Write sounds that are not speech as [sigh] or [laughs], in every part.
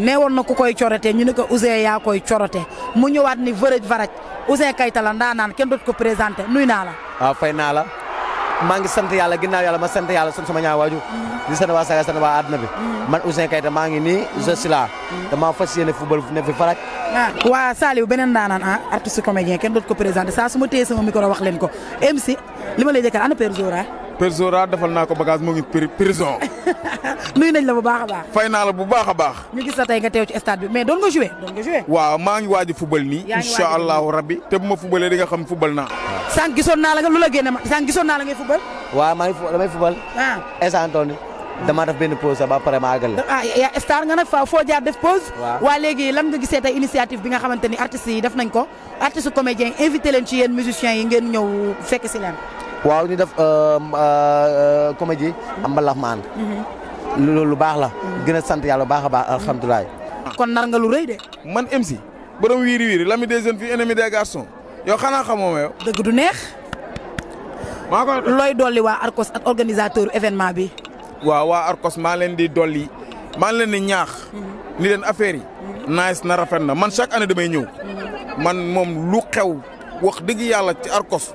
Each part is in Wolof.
nee woon na ku koy corote ñu ne ko Ouzin yaa koy corote mu ñëwaat ni vërëj varaj Ouzin Keita la ndaanaan kenn dootu ko présenté nuy naa la. waaw fay naa la maa ngi sant yàlla ginnaaw yàlla ma sant yàlla sant sama ñaar waajur di sant waa Sénégal sant waa àdduna bi. man Ouzin maa ngi nii je suis là damaa fas yéene football fu ne fi faraj. Ah, waa Saliou beneen ndaanaan ah artiste comédien kenn dootu ko présenté saa su ma téye sama micro wax leen ko MC li ma lay jëkkal ana Père Persora defal naa ko bagage moo ngi prison. [laughs] nuyu nañ la bu baax a baax. fay naa la bu baax a baax. ñu gis la tey nga teew ci stade bi mais doon nga joué waaw maa ngi waaj a nii. incha allahu rabbi te bu ma fubalee di nga xam fubal naa. sànq gisoon naa la nga lu la génne ma sànq gisoon naa la ngay fubal. waaw maa ngi fu damay fubal. instant ah. damaa def benn pause ba pare ma àggal ah yaa star nga nag faaw foo def pause. waa léegi lan nga gisee waaw ñu def euh, euh, comédie mbalax maan loolu mhm. lu baax la mhm. gën a sant yàlla baax a baax mhm. alhamdulilah kon nar nga lu rëy de man MC borom wiiri wiiri l'ami des jeunes fii ennemi des garçons yow xanaa xamoo ma yow dëgg du neex maa ko looy dolli waa Arcos ak organisateur événement bi waaw waa Arcos maa leen di dolli maa leen di ñaax ni leen affaire yi nice na rafet na man chaque année damay ñëw man moom lu xew wax dëgg yàlla ci Arcos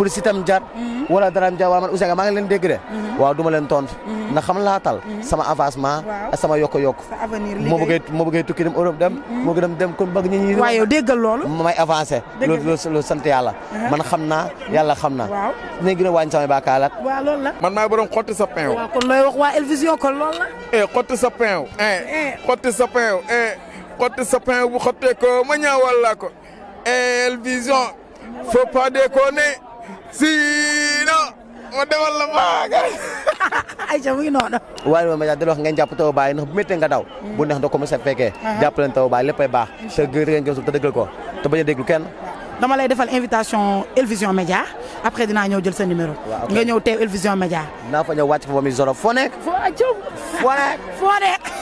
police itam jaar mhm. wala daraam jaar wala man Ouzin Ka maa ngi leen dégg de mhm. waaw du ma leen tontu mhm. ndax xam laatal sama avancement a sama yokk yokk moo bëggee moo bëggee tukki dem Europe dem a dem kon bëgg ñu ñi waaw yow déggal loolu may avancé loolu loolu sant yàlla uh-huh. man xam naa yàlla xam naa dina gën a samay bàkkaalaat waaw loolu man maay borom xotti sa pain waaw waa El Vision kon loolu la eh xotti sa pain eh, eh xotti sa pain eh, sa pain bu xottee ko ma ñaawal la ko eh, El Vision faut pas siino ma demal la maaga [laughs] Aïcha mu ngi noonu waaye moom ma dal wax ngeen jàpp taw baay nax bu méttee nga daw bu neex doo commencé fekkee jàpp la taw baa léppay baax te gën gëm te dëggal ko te bañ a déglu kenn dama lay defal invitation Elvision Média après dinaa ñëw jël sa numéro. nga ñëw teew Elvision Média. naa fa ñëw wàcc fa ba muy zoro foo nekk. foo nekk. foo nekk.